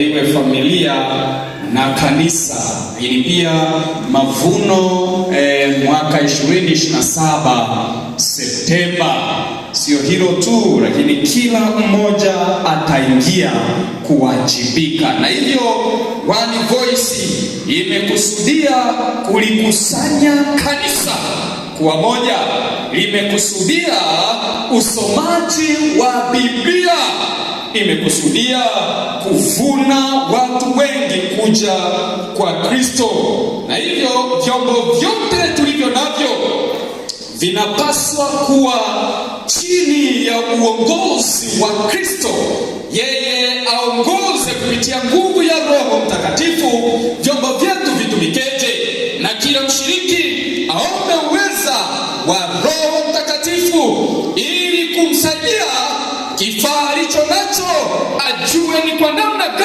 iwe familia na kanisa, lakini pia mavuno eh, mwaka 2027 Septemba. Sio hilo tu, lakini kila mmoja ataingia kuwajibika, na hivyo One Voice imekusudia kulikusanya kanisa kuwa moja, limekusudia usomaji wa Biblia imekusudia kuvuna watu wengi kuja kwa Kristo, na hivyo vyombo vyote tulivyo navyo vinapaswa kuwa chini ya uongozi wa Kristo, yeye aongoze kupitia nguvu ya Roho Mtakatifu. Vyombo vyetu vitumikeje? Na kila mshiriki aombe uweza wa Roho Mtakatifu ili kumsaidia kifaa alicho nacho ajue ni kwa namna